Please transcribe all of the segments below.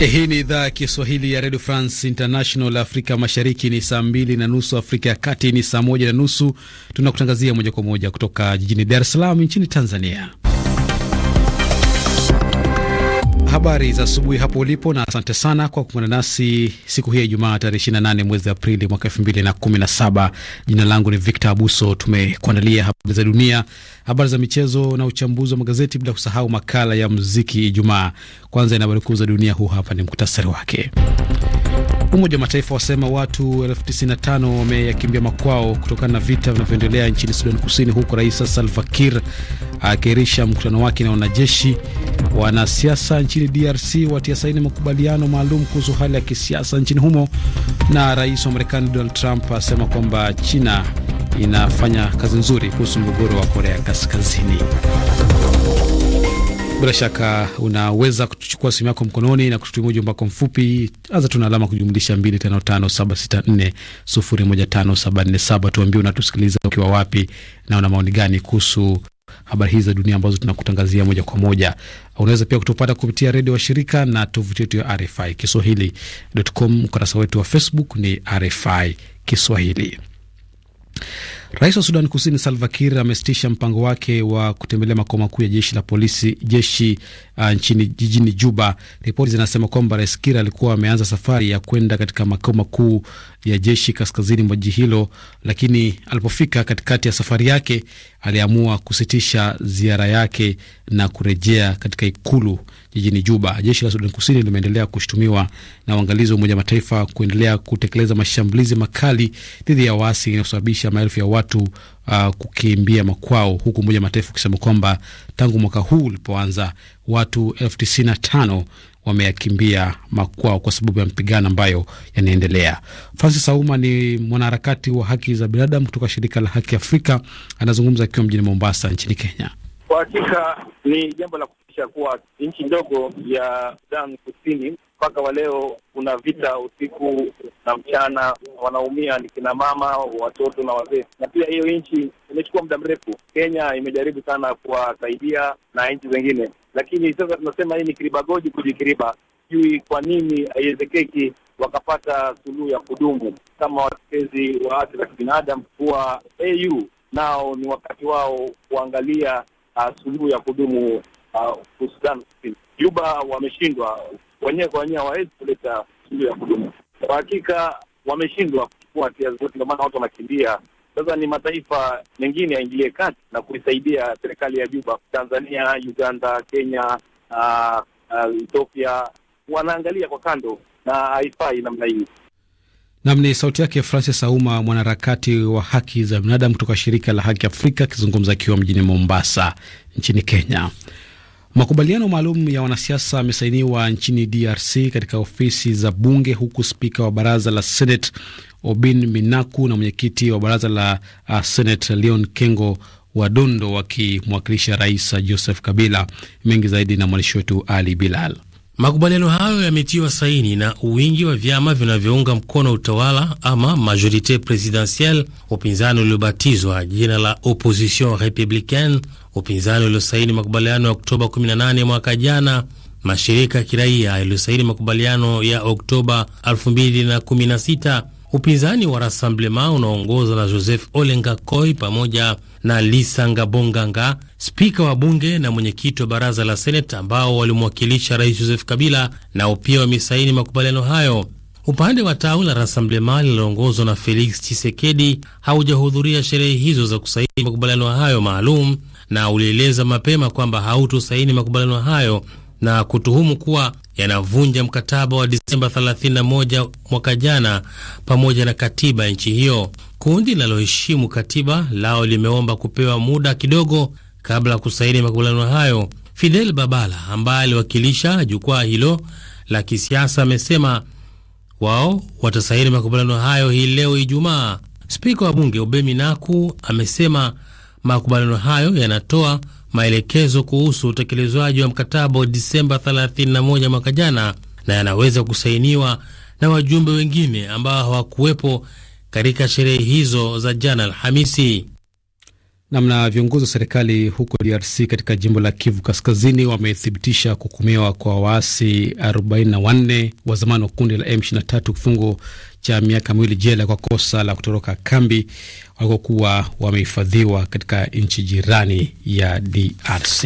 Hii ni idhaa ya Kiswahili ya redio France International. Afrika mashariki ni saa mbili na nusu, Afrika ya kati ni saa moja na nusu. Tunakutangazia moja kwa moja kutoka jijini Dar es Salaam nchini Tanzania habari za asubuhi hapo ulipo, na asante sana kwa kuungana nasi siku hii ya Ijumaa tarehe 28 mwezi Aprili mwaka 2017. Jina langu ni Victor Abuso. Tumekuandalia habari za dunia, habari za michezo na uchambuzi wa magazeti, bila kusahau makala ya muziki Ijumaa. Kwanza ina habari kuu za dunia, huu hapa ni muktasari wake. Umoja wa Mataifa wasema watu 95 wameyakimbia makwao kutokana na vita vinavyoendelea nchini Sudan Kusini, huku Rais Salva Kiir akiahirisha mkutano wake na wanajeshi. Wanasiasa nchini DRC watia saini makubaliano maalum kuhusu hali ya kisiasa nchini humo, na rais wa Marekani Donald Trump asema kwamba China inafanya kazi nzuri kuhusu mgogoro wa Korea Kaskazini. Bila shaka unaweza kuchukua simu yako mkononi na kututumia ujumbe wako mfupi, anza tuna alama kujumlisha 255764015747. Tuambie unatusikiliza ukiwa wapi na una maoni gani kuhusu habari hizi za dunia ambazo tunakutangazia moja kwa moja. Unaweza pia kutupata kupitia redio wa shirika na tovuti yetu ya RFI Kiswahili.com. Ukurasa wetu wa Facebook ni RFI Kiswahili. Rais wa Sudan Kusini Salva Kiir amesitisha mpango wake wa kutembelea makao makuu ya jeshi la polisi jeshi uh, nchini jijini Juba. Ripoti zinasema kwamba Rais Kiir alikuwa ameanza safari ya kwenda katika makao makuu ya jeshi kaskazini mwa jiji hilo, lakini alipofika katikati ya safari yake aliamua kusitisha ziara yake na kurejea katika ikulu jijini Juba. Jeshi la Sudan Kusini limeendelea kushutumiwa na uangalizi wa Umoja wa Mataifa kuendelea kutekeleza mashambulizi makali dhidi ya waasi inayosababisha maelfu ya watu uh, kukimbia makwao, huku Umoja wa Mataifa ukisema kwamba tangu mwaka huu ulipoanza watu elfu tisini na tano wameyakimbia makwao kwa sababu ya mapigano ambayo yanaendelea. Francis Auma ni mwanaharakati wa haki za binadamu kutoka shirika la Haki Afrika, anazungumza akiwa mjini Mombasa nchini Kenya. Kwa hakika ni jambo la inaonyesha kuwa nchi ndogo ya Sudan Kusini mpaka wa leo kuna vita usiku na mchana, wanaumia ni kina mama, watoto na wazee. Na pia hiyo nchi imechukua muda mrefu. Kenya imejaribu sana kuwasaidia na nchi zengine, lakini sasa tunasema hii ni kiribagoji kujikiriba. Sijui kwa nini haiwezekeki wakapata suluhu ya kudumu. Kama watetezi wa haki za kibinadamu kuwa au nao ni wakati wao kuangalia uh, suluhu ya kudumu uh, Juba wameshindwa wenyewe kwa wenyewe, hawawezi kuleta suluhu ya kudumu. Kwa hakika wameshindwa kuchukua hatua zote, ndio maana watu wanakimbia. Sasa ni mataifa mengine yaingilie kati na kuisaidia serikali ya Juba. Tanzania, Uganda, Kenya, uh, uh, wanaangalia kwa kando na haifai namna hii. Nam ni sauti yake Francis Auma, mwanaharakati wa haki za binadamu kutoka shirika la Haki Afrika akizungumza akiwa mjini Mombasa nchini Kenya. Makubaliano maalum ya wanasiasa yamesainiwa nchini DRC katika ofisi za bunge huku spika wa baraza la Senate Obin Minaku na mwenyekiti wa baraza la uh, Senate Leon Kengo Wadondo wakimwakilisha Rais Joseph Kabila. Mengi zaidi na mwandishi wetu Ali Bilal. Makubaliano hayo yametiwa saini na uwingi wa vyama vinavyounga mkono utawala ama majorite presidentielle, upinzani uliobatizwa jina la opposition republicaine upinzani uliosaini makubaliano ya Oktoba 18 mwaka jana. Mashirika ya kiraia yaliyosaini makubaliano ya Oktoba 2016 upinzani wa Rassemblement unaoongozwa na Joseph Olenga koi pamoja na Lisa Ngabonganga, spika wa bunge na mwenyekiti wa baraza la senate ambao walimwakilisha Rais Joseph Kabila, nao pia wamesaini makubaliano hayo. Upande wa tawi la Rassemblement linaloongozwa na Felix chisekedi haujahudhuria sherehe hizo za kusaini makubaliano hayo maalum, na ulieleza mapema kwamba hautosaini makubaliano hayo na kutuhumu kuwa yanavunja mkataba wa Disemba 31 mwaka jana pamoja na katiba ya nchi hiyo. Kundi linaloheshimu katiba lao limeomba kupewa muda kidogo kabla ya kusaini makubaliano hayo. Fidel Babala ambaye aliwakilisha jukwaa hilo la kisiasa amesema wao watasaini makubaliano hayo hii leo Ijumaa. Spika wa bunge Obemi Naku amesema Makubaliano hayo yanatoa maelekezo kuhusu utekelezwaji wa mkataba wa Disemba 31 mwaka jana, na yanaweza kusainiwa na wajumbe wengine ambao hawakuwepo katika sherehe hizo za jana Alhamisi. Namna viongozi wa serikali huko DRC katika jimbo la Kivu Kaskazini wamethibitisha kuhukumiwa kwa waasi 44 wa zamani wa kundi la M23 kifungo cha miaka miwili jela kwa kosa la kutoroka kambi walikokuwa wamehifadhiwa katika nchi jirani ya DRC.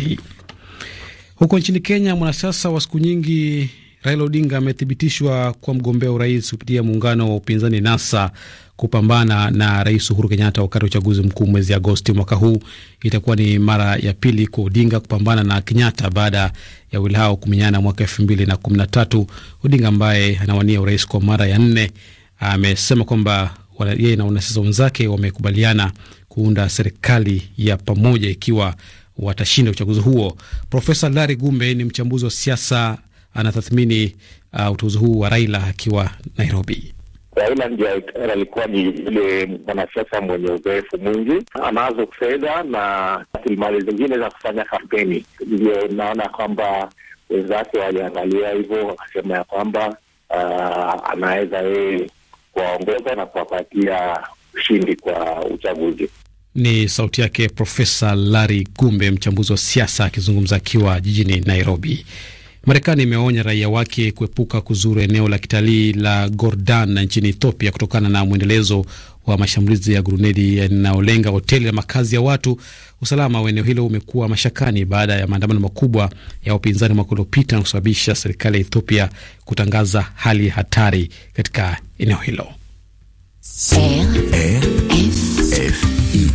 Huko nchini Kenya, mwanasiasa wa siku nyingi Raila Odinga amethibitishwa kuwa mgombea urais kupitia muungano wa upinzani NASA kupambana na Rais Uhuru Kenyatta wakati wa uchaguzi mkuu mwezi Agosti mwaka huu. Itakuwa ni mara ya pili kwa Odinga kupambana na Kenyatta baada ya wawili hao kumenyana mwaka elfu mbili na kumi na tatu. Odinga ambaye anawania urais kwa mara ya nne amesema kwamba yeye na wanasiasa wenzake wamekubaliana kuunda serikali ya pamoja ikiwa watashinda uchaguzi huo. Profesa Lari Gumbe ni mchambuzi wa siasa, anatathmini uh, uteuzi huu wa Raila akiwa Nairobi. Ireland alikuwa ni yule mwanasiasa mwenye uzoefu mwingi, anazo fedha na rasilimali zingine za kufanya kampeni. Ndio naona kwamba wenzake waliangalia hivyo wakasema ya kwamba uh, anaweza yeye kuwaongoza na kuwapatia ushindi kwa uchaguzi. Ni sauti yake Profesa Larry Gumbe, mchambuzi wa siasa akizungumza akiwa jijini Nairobi. Marekani imewaonya raia wake kuepuka kuzuru eneo la kitalii la Gordan nchini Ethiopia kutokana na mwendelezo wa mashambulizi ya grunedi yanayolenga hoteli na makazi ya watu. Usalama wa eneo hilo umekuwa mashakani baada ya maandamano makubwa ya upinzani mwaka uliopita na kusababisha serikali ya Ethiopia kutangaza hali hatari katika eneo hilo. RFI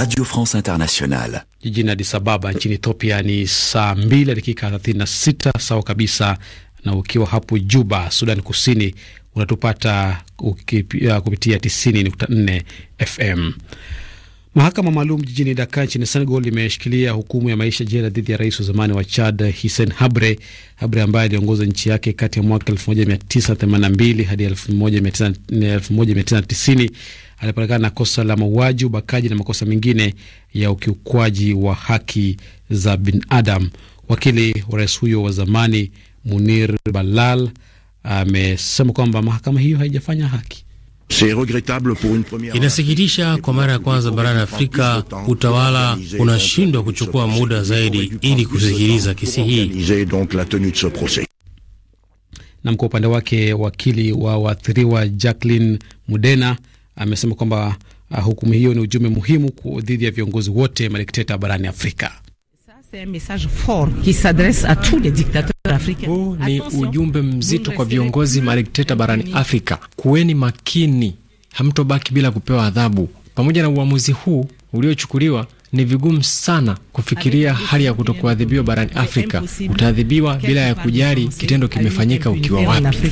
Radio France Internationale jijini Addis Ababa nchini Ethiopia ni saa 2 na dakika 36, sawa kabisa na ukiwa hapo Juba, Sudan Kusini, unatupata uh, kupitia 90.4 FM. Mahakama maalum jijini Dakar nchini Senegal imeshikilia hukumu ya maisha jela dhidi ya rais wa zamani wa Chad Hissen Habre. Habre ambaye aliongoza nchi yake kati ya mwaka 1982 hadi 1990 alipatikana na kosa la mauaji, ubakaji na makosa mengine ya ukiukwaji wa haki za binadamu. Wakili wa rais huyo wa zamani Munir Balal amesema kwamba mahakama hiyo haijafanya haki. Inasikitisha, kwa mara ya kwanza barani Afrika utawala unashindwa kuchukua muda zaidi ili kusikiliza kesi hii. Nam, kwa upande wake wakili wa waathiriwa Jacqueline Mudena amesema kwamba ah, hukumu hiyo ni ujumbe muhimu dhidi ya viongozi wote madikteta barani Afrika. Huu ni ujumbe mzito kwa viongozi madikteta barani Afrika. Kuweni makini, hamtobaki bila kupewa adhabu. Pamoja na uamuzi huu uliochukuliwa, ni vigumu sana kufikiria hali ya kutokuadhibiwa barani Afrika. Utaadhibiwa bila ya kujali kitendo kimefanyika ukiwa wapi.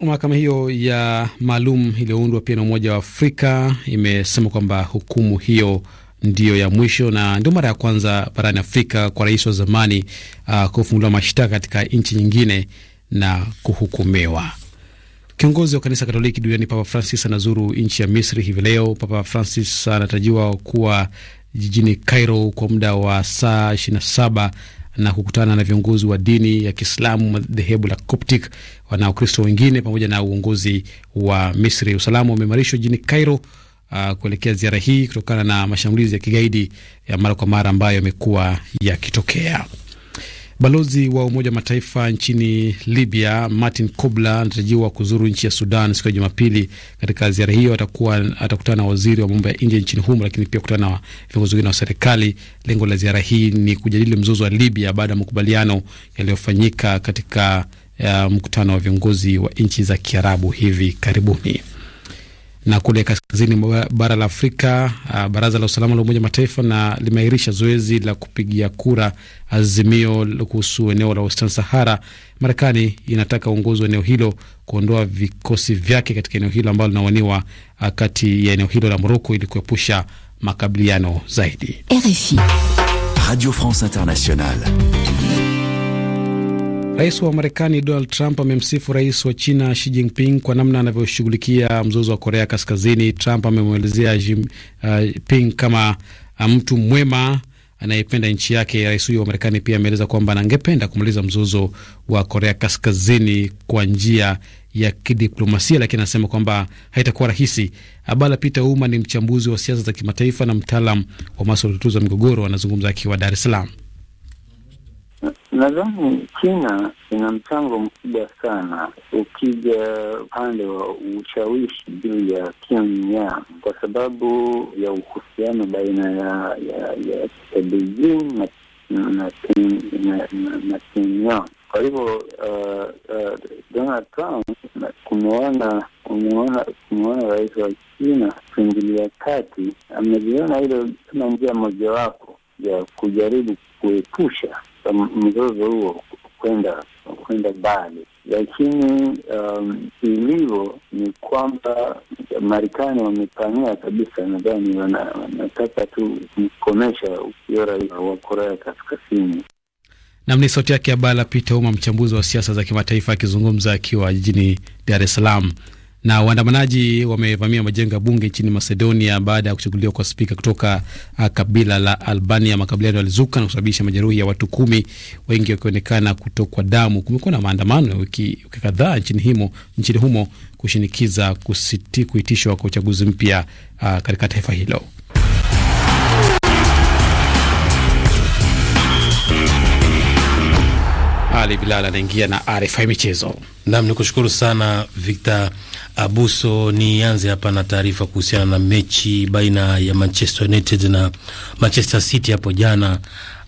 Mahakama hiyo ya maalum iliyoundwa pia na Umoja wa Afrika imesema kwamba hukumu hiyo ndiyo ya mwisho na ndio mara ya kwanza barani Afrika kwa rais wa zamani uh, kufunguliwa mashtaka katika nchi nyingine na kuhukumiwa. Kiongozi wa kanisa Katoliki duniani Papa Francis anazuru nchi ya Misri hivi leo. Papa Francis anatarajiwa kuwa jijini Cairo kwa muda wa saa 27 na kukutana na viongozi wa dini ya Kiislamu, madhehebu la Coptic wanaokristo wengine pamoja na uongozi wa Misri. Usalama umeimarishwa jijini Cairo uh, kuelekea ziara hii kutokana na mashambulizi ya kigaidi ya mara kwa mara ambayo yamekuwa yakitokea. Balozi wa Umoja wa Mataifa nchini Libya Martin Kobler anatarajiwa kuzuru nchi ya Sudan siku ya Jumapili. Katika ziara hiyo atakuwa atakutana na waziri wa mambo ya nje nchini humo, lakini pia kutana na viongozi wengine wa serikali. Lengo la ziara hii ni kujadili mzozo wa Libya baada ya makubaliano yaliyofanyika katika uh, mkutano wa viongozi wa nchi za Kiarabu hivi karibuni. Na kule kaskazini mwa bara la Afrika, uh, baraza la usalama la Umoja Mataifa na limeahirisha zoezi la kupigia kura azimio kuhusu eneo la Western Sahara. Marekani inataka uongozi wa eneo hilo kuondoa vikosi vyake katika eneo hilo ambalo linawaniwa uh, kati ya eneo hilo la Moroko ili kuepusha makabiliano zaidi. RFI Radio France Internationale Rais wa Marekani Donald Trump amemsifu rais wa China Xi Jinping kwa namna anavyoshughulikia mzozo wa Korea Kaskazini. Trump amemwelezea uh, Ping kama uh, mtu mwema anayependa nchi yake. Rais huyo wa Marekani pia ameeleza kwamba angependa kumaliza mzozo wa Korea Kaskazini kwa njia ya kidiplomasia, lakini anasema kwamba haitakuwa rahisi. Abala Peter Uma ni mchambuzi wa siasa za kimataifa na mtaalam wa maswala ya utatuzi wa migogoro, anazungumza akiwa Dar es Salaam. Nadhani China ina mchango mkubwa sana ukija upande wa ushawishi juu ya Pyongyang kwa sababu ya uhusiano baina ya ya Beijing na Pyongyang. Kwa hivyo uh, uh, Donald Trump kumeona kumeona rais wa China kuingilia kati, amejiona hilo kama njia mojawapo ya kujaribu kuepusha Um, mzozo huo kwenda kwenda mbali, lakini um, ilivyo ni kwamba Marekani wamepania kabisa, nadhani wanataka tu kukomesha ukiora wa Korea Kaskazini. Nam ni sauti yake Abala Peter Uma, mchambuzi wa siasa za kimataifa akizungumza akiwa jijini Dar es Salaam. Na waandamanaji wamevamia majengo ya bunge nchini Macedonia baada ya kuchaguliwa kwa spika kutoka uh, kabila la Albania. Makabiliano yalizuka na kusababisha majeruhi ya watu kumi, wengi wakionekana kutokwa damu. Kumekuwa na maandamano ya wiki kadhaa nchini, nchini humo kushinikiza kusiti, kuitishwa kwa uchaguzi mpya uh, katika taifa hilo. Ali Bilal anaingia na RFI michezo. Nam ni kushukuru sana Victor Abuso, nianze hapa na taarifa kuhusiana na mechi baina ya Manchester United na Manchester City hapo jana.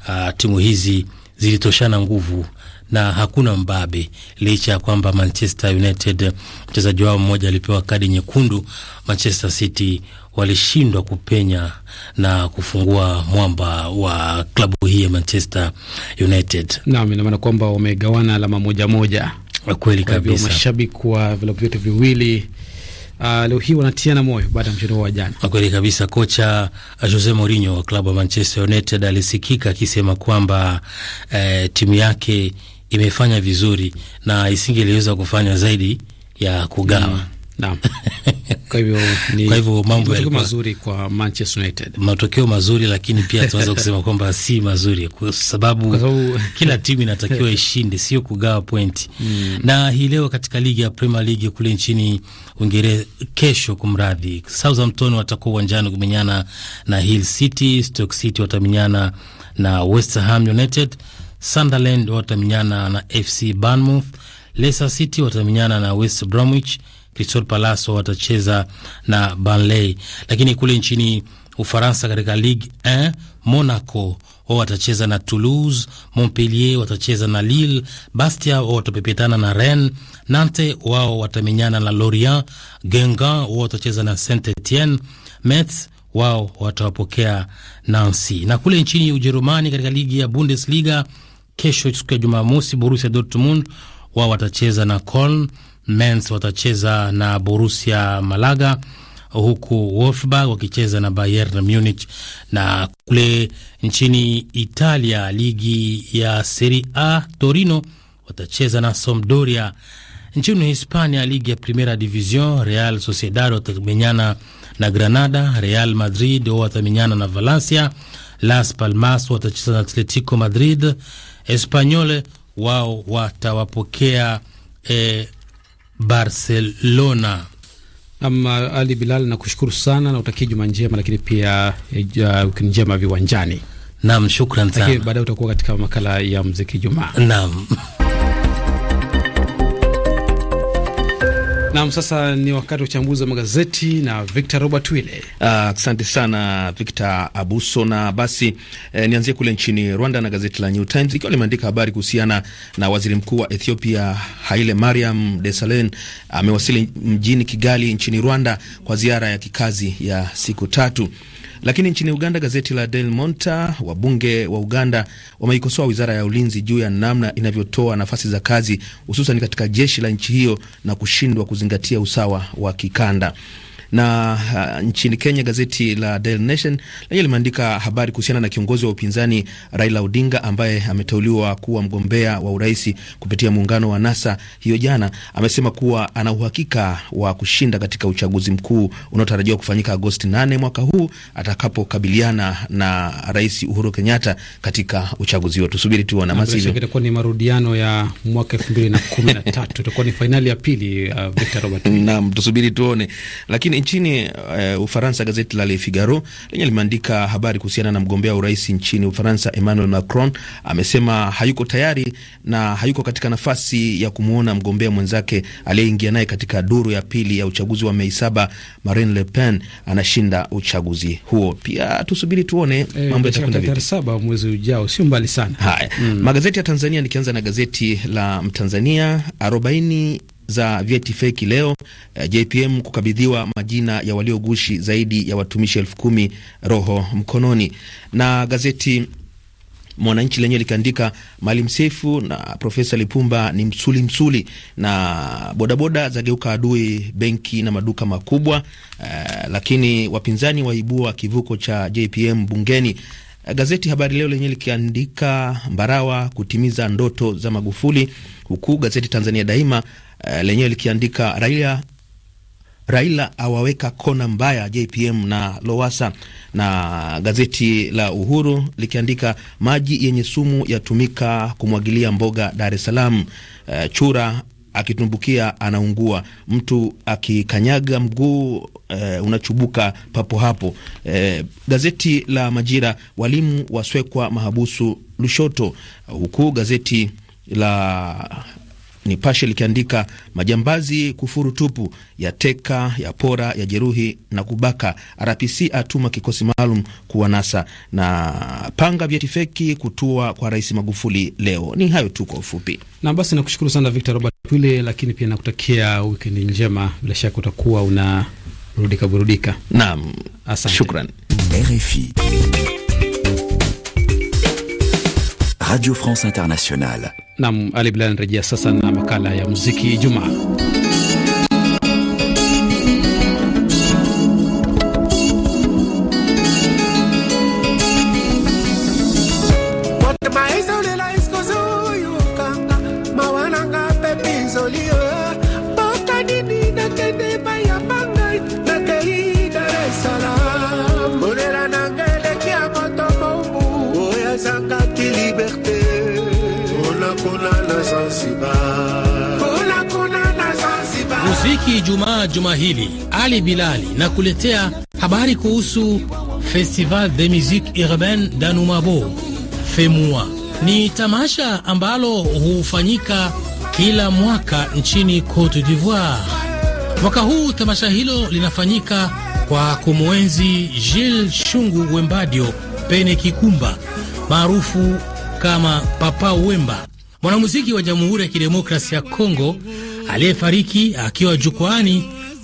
Uh, timu hizi zilitoshana nguvu na hakuna mbabe, licha ya kwamba Manchester United mchezaji wao mmoja alipewa kadi nyekundu. Manchester City walishindwa kupenya na kufungua mwamba wa klabu hii ya Manchester United. Naam, ina maana kwamba wamegawana alama moja moja. Kweli kabisa, mashabiki wa vilabu vyote viwili Uh, leo hii wanatiana moyo baada ya mchezo wa jana. Kweli kabisa. Kocha Jose Mourinho wa klabu ya Manchester United alisikika akisema kwamba eh, timu yake imefanya vizuri na isingeliweza kufanya zaidi ya kugawa mm. Naam. Kwa hivyo ni kwa hivyo mambo yalikuwa mazuri kwa Manchester United. Matokeo mazuri lakini pia tunaweza kusema kwamba si mazuri kwa sababu, kila timu inatakiwa ishinde, sio kugawa pointi. Mm. Na hii leo katika ligi ya Premier League kule nchini Uingereza, kesho kumradhi, Southampton watakuwa uwanjani kumenyana na Hill City, Stoke City watamenyana na West Ham United, Sunderland watamenyana na FC Bournemouth, Leicester City watamenyana na West Bromwich Crystal Palace watacheza na Burnley. Lakini kule nchini Ufaransa, katika Ligue 1 Monaco wao watacheza na Toulouse, Montpellier watacheza na Lille, Bastia wao watapepetana na Rennes, Nantes wao watamenyana na Lorient, Gengan wao watacheza na Saint Etienne, Metz wao watawapokea Nancy. Na kule nchini Ujerumani katika ligi ya Bundesliga, kesho siku ya Jumamosi, Borussia Dortmund wao watacheza na Coln Mens watacheza na borusia Malaga, huku Wolfsburg wakicheza na Bayern Munich. Na kule nchini Italia, ligi ya Serie A, Torino watacheza na Sampdoria. Nchini Hispania, ligi ya Primera Division, Real Sociedad watamenyana na Granada, Real Madrid watamenyana na Valencia, Las Palmas watacheza na Atletico Madrid, Espanyol wao watawapokea eh, Barcelona. Ama Ali Bilal, nakushukuru sana na utakie juma njema, lakini pia eh, uh, wiki njema viwanjani. Naam, shukran sana. Baadaye utakuwa katika makala ya muziki Jumaa. Naam. Naam, sasa ni wakati wa uchambuzi wa magazeti na Victor Robert Wile. Ah, asante uh, sana Victor Abuso, na basi eh, nianzie kule nchini Rwanda na gazeti la New Times ikiwa limeandika habari kuhusiana na waziri mkuu wa Ethiopia Haile Mariam Desalegn amewasili mjini Kigali nchini Rwanda kwa ziara ya kikazi ya siku tatu. Lakini nchini Uganda, gazeti la Daily Monitor, wabunge wa Uganda wameikosoa wizara ya ulinzi juu ya namna inavyotoa nafasi za kazi hususan katika jeshi la nchi hiyo na kushindwa kuzingatia usawa wa kikanda. Na uh, nchini Kenya gazeti la Daily Nation lenye limeandika habari kuhusiana na kiongozi wa upinzani Raila Odinga ambaye ameteuliwa kuwa mgombea wa urais kupitia muungano wa NASA hiyo jana, amesema kuwa ana uhakika wa kushinda katika uchaguzi mkuu unaotarajiwa kufanyika Agosti 8 mwaka huu atakapokabiliana na Rais Uhuru Kenyatta katika uchaguzi huo. Tusubiri tuone. Itakuwa ni marudiano ya mwaka 2013 itakuwa ni fainali ya pili. Uh, Victor Robert, naam, tusubiri tuone, lakini nchini uh, Ufaransa, gazeti la Le Figaro lenye limeandika habari kuhusiana na mgombea urais nchini Ufaransa Emmanuel Macron amesema hayuko tayari na hayuko katika nafasi ya kumwona mgombea mwenzake aliyeingia naye katika duru ya pili ya uchaguzi wa Mei saba, Marine Le Pen anashinda uchaguzi huo. Pia tusubiri tuone e, mambo yatakwenda vipi. Saba mwezi ujao, sio mbali sana. Haya, mm. Magazeti ya Tanzania nikianza na gazeti la Mtanzania arobaini za vyeti feki leo eh, JPM kukabidhiwa majina ya waliogushi zaidi ya watumishi elfu kumi roho mkononi. Na gazeti Mwananchi lenyewe likiandika Maalim Seif na Profesa Lipumba ni msuli msuli, na bodaboda zageuka adui benki na maduka makubwa eh, lakini wapinzani waibua kivuko cha JPM bungeni Eh, gazeti Habari Leo lenyewe likiandika Mbarawa kutimiza ndoto za Magufuli, huku gazeti Tanzania Daima uh, lenyewe likiandika Raila Raila awaweka kona mbaya JPM na Lowasa, na gazeti la Uhuru likiandika maji yenye sumu yatumika kumwagilia mboga Dar es Salaam. Uh, Chura akitumbukia anaungua, mtu akikanyaga mguu e, unachubuka papo hapo. E, gazeti la Majira, walimu waswekwa mahabusu Lushoto, huku gazeti la Nipashe likiandika majambazi kufuru tupu, ya teka, ya pora, ya jeruhi na kubaka. RPC atuma kikosi maalum kuwanasa, na panga vyeti feki kutua kwa Rais Magufuli leo. Ni hayo tu kwa ufupi, na basi nakushukuru sana Victor Robert Pile, lakini pia nakutakia wikendi njema, bila shaka utakuwa una burudika burudika. Naam, asante, shukran. RFI Radio France Internationale. Nam Ali Bilali anarejea sasa na makala ya muziki Ijumaa. Kiswahili Ali Bilali na kuletea habari kuhusu Festival de Musique Urbaine d'Anumabo. FEMUA ni tamasha ambalo hufanyika kila mwaka nchini Cote d'Ivoire. Mwaka huu tamasha hilo linafanyika kwa kumwenzi Gilles Shungu Wembadio Pene Kikumba maarufu kama Papa Wemba, mwanamuziki wa Jamhuri ya Kidemokrasia ya Kongo aliyefariki akiwa jukwani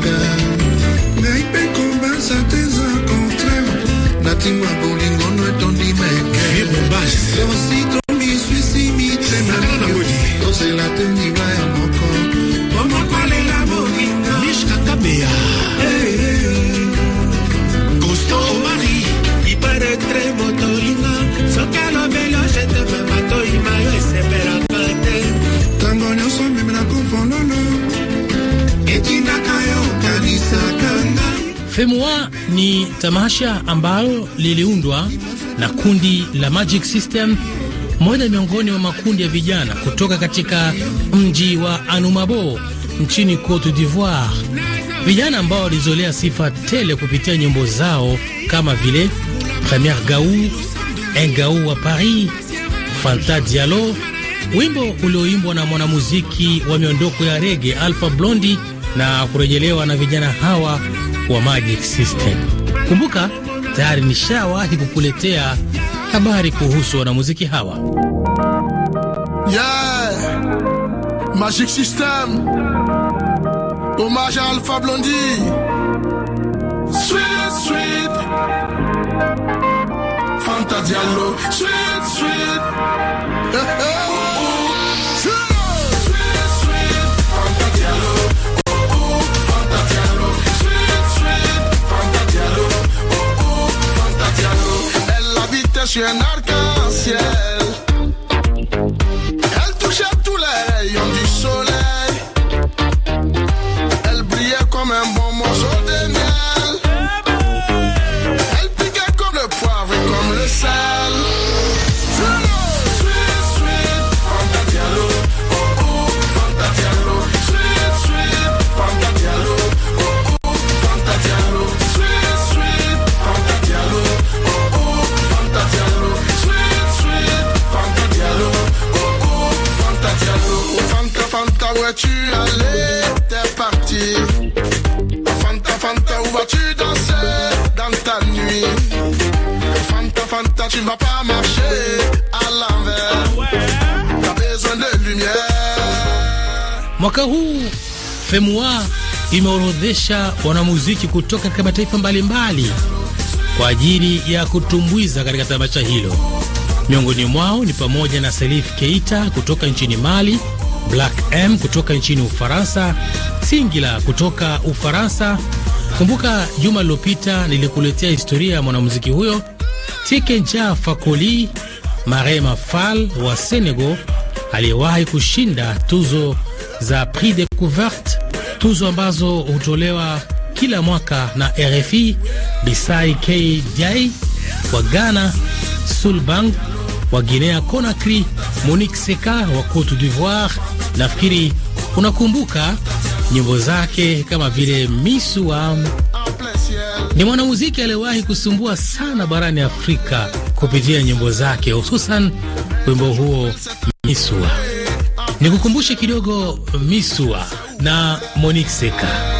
kaka ngaimpeko bazate eza contraire natingwa bolingono etondi mekeosi tomiswisi mitema tozela te ndiba ya ni tamasha ambalo liliundwa na kundi la Magic System, moja miongoni mwa makundi ya vijana kutoka katika mji wa Anumabo nchini Cote d'Ivoire, vijana ambao walizolea sifa tele kupitia nyimbo zao kama vile Premiere Gaou, Un Gaou wa Paris, Fanta Diallo, wimbo ulioimbwa na mwanamuziki wa miondoko ya rege Alpha Blondy na kurejelewa na vijana hawa wa Magic System. Kumbuka tayari nishawahi kukuletea habari kuhusu wanamuziki hawa. Yeah, Magic System, homage à Alpha Blondy. Sweet, sweet. Fanta Diallo, sweet, sweet. się narka, vas-tu aller T'es parti. Fanta, Fanta, où vas-tu danser dans ta nuit Fanta, Fanta, tu vas pas marcher à l'envers. Ah T'as besoin de lumière. Mwaka huu FEMUA imeorodhesha wanamuziki kutoka katika mataifa mbalimbali kwa ajili ya kutumbuiza katika tamasha hilo. Miongoni mwao ni pamoja na Salif Keita kutoka nchini Mali Black M kutoka nchini Ufaransa, Singila kutoka Ufaransa. Kumbuka juma lilopita nilikuletea historia ya mwanamuziki huyo. Tikenja Fakoli Mare Mafal wa Senegal aliyewahi kushinda tuzo za Prix Decouverte, tuzo ambazo hutolewa kila mwaka na RFI. Bisai K Jai wa Ghana, Sulbang wa Guinea Conakry Monique Seka wa Cote d'Ivoire. Nafikiri unakumbuka nyimbo zake kama vile misua Ni mwanamuziki aliyewahi kusumbua sana barani Afrika kupitia nyimbo zake, hususan wimbo huo Misua. Nikukumbushe kidogo Misua na Monique Seka.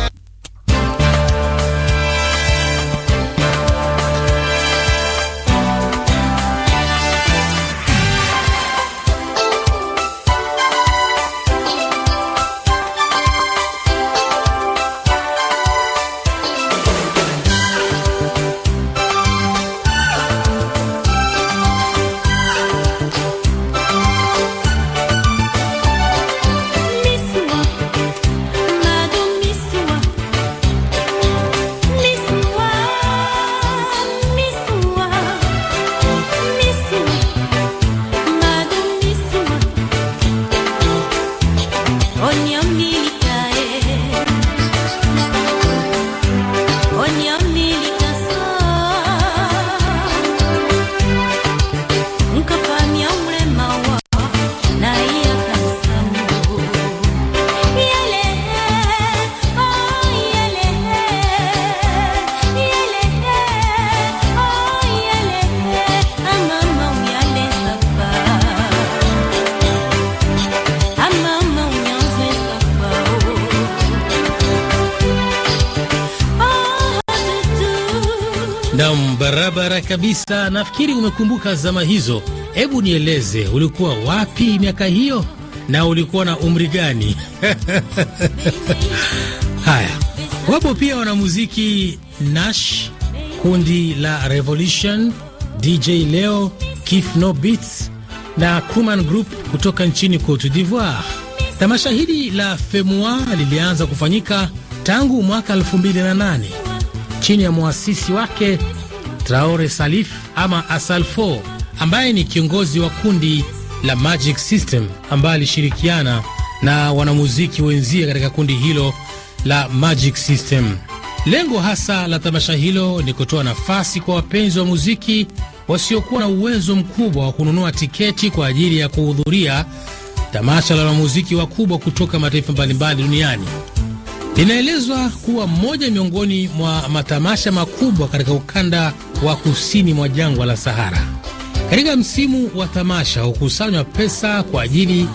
kabisa, nafikiri umekumbuka zama hizo. Hebu nieleze, ulikuwa wapi miaka hiyo na ulikuwa na umri gani? Haya, wapo pia wanamuziki Nash, kundi la Revolution, DJ Leo, Kif No Beats na Kuman Group kutoka nchini Cote d'Ivoire. Tamasha hili la FEMUA lilianza kufanyika tangu mwaka 2008 chini ya mwasisi wake Traore Salif ama Asalfo ambaye ni kiongozi wa kundi la Magic System ambaye alishirikiana na wanamuziki wenzie katika kundi hilo la Magic System. Lengo hasa la tamasha hilo ni kutoa nafasi kwa wapenzi wa muziki wasiokuwa na uwezo mkubwa wa kununua tiketi kwa ajili ya kuhudhuria tamasha la wanamuziki wakubwa kutoka mataifa mbalimbali duniani. Inaelezwa kuwa mmoja miongoni mwa matamasha makubwa katika ukanda wa kusini mwa jangwa la Sahara. Katika msimu wa tamasha hukusanywa pesa kwa ajili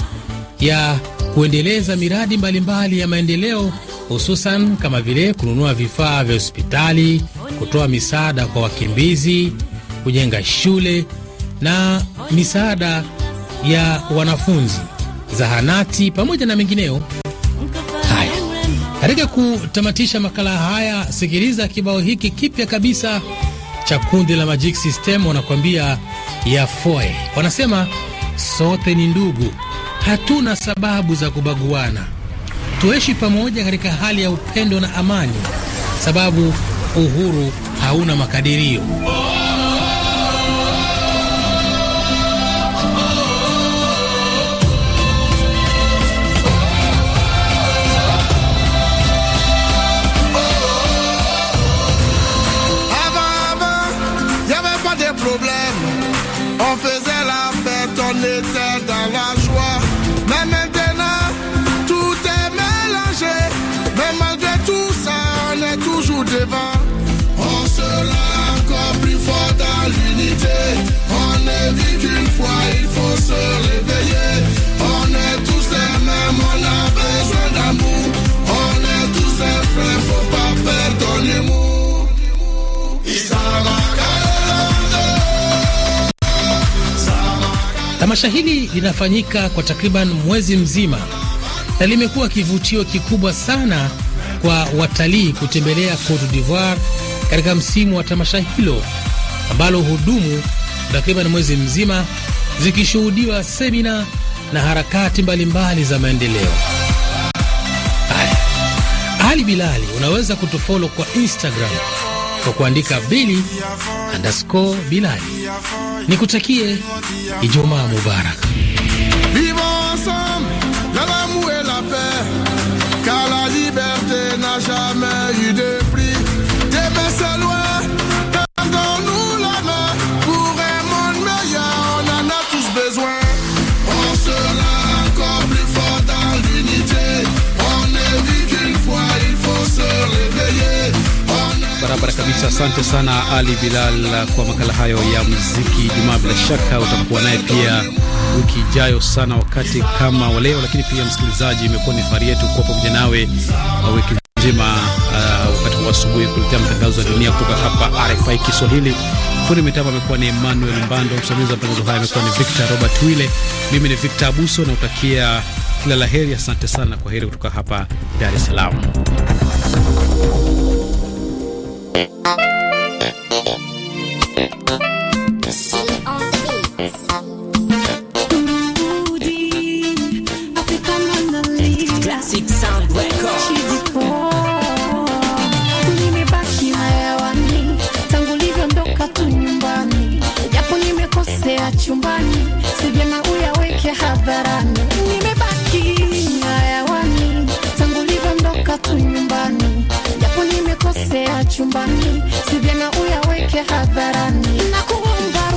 ya kuendeleza miradi mbalimbali mbali ya maendeleo, hususan kama vile kununua vifaa vya hospitali, kutoa misaada kwa wakimbizi, kujenga shule na misaada ya wanafunzi, zahanati pamoja na mengineo. Katika kutamatisha makala haya, sikiliza kibao hiki kipya kabisa cha kundi la Magic System, wanakuambia yafoe. Wanasema sote ni ndugu, hatuna sababu za kubaguana, tuishi pamoja katika hali ya upendo na amani, sababu uhuru hauna makadirio. on faisait la fête, on était dans la joie. Mais maintenant, tout est mélangé. Mais malgré tout ça, on est toujours devant. On sera encore plus fort dans l'unité. On ne vit qu'une fois, il faut se réveiller. Tamasha hili linafanyika kwa takriban mwezi mzima na limekuwa kivutio kikubwa sana kwa watalii kutembelea Cote d'Ivoire katika msimu wa tamasha hilo ambalo hudumu takriban mwezi mzima, zikishuhudiwa semina na harakati mbalimbali mbali za maendeleo. Ali Bilali, unaweza kutufolo kwa Instagram kwa kuandika Bili underscore Bilali. Nikutakie Ijumaa Mubarak. la liberté n'a jamais eu de kabisa. Asante sana Ali Bilal kwa makala hayo ya muziki Jumaa. Bila shaka utakuwa naye pia wiki ijayo sana wakati kama wa leo, lakini pia msikilizaji, imekuwa ni fahari yetu kuwa pamoja nawe uh, wiki nzima uh, wakati wa asubuhi kuletea matangazo ya dunia kutoka hapa RFI Kiswahili. Fundi mitambo amekuwa ni Emmanuel Mbando, msimamizi wa matangazo haya amekuwa ni Victor Robert Wile, mimi ni Victor Abuso na utakia kila la heri. Asante sana, kwa heri kutoka hapa Dar es Salaam. あ。chumbani, si vyema uyaweke hadharani na kuomba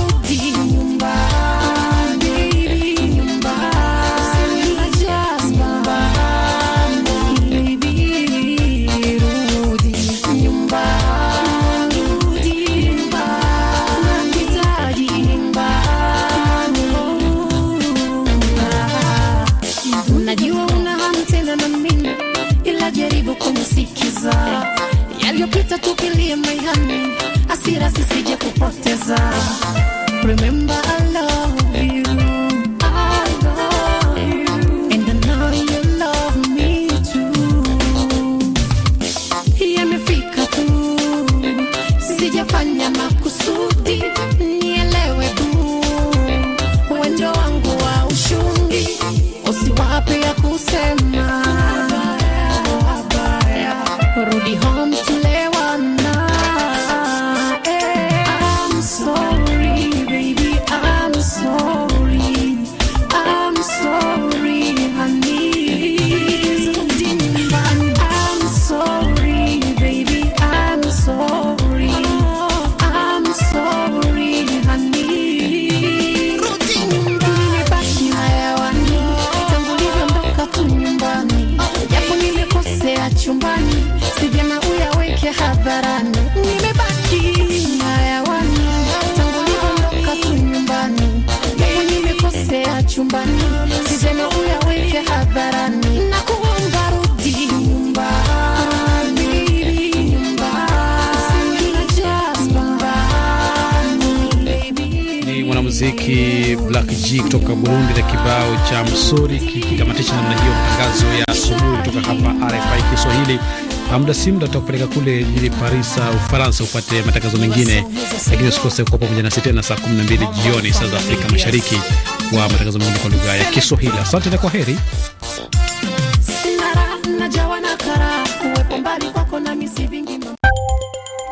Uliopita tupilie mayani, asira sisije kupoteza. Remember I love kutoka Burundi na kibao cha msori kikitamatisha namna hiyo matangazo ya asubuhi kutoka hapa RFI Kiswahili. Muda si muda tutakupeleka kule jijini Paris, Ufaransa, upate matangazo mengine, lakini usikose kuwa pamoja nasi tena saa 12 jioni saa za Afrika Mashariki kwa matangazo mengine kwa lugha ya Kiswahili. Asante na kwa heri.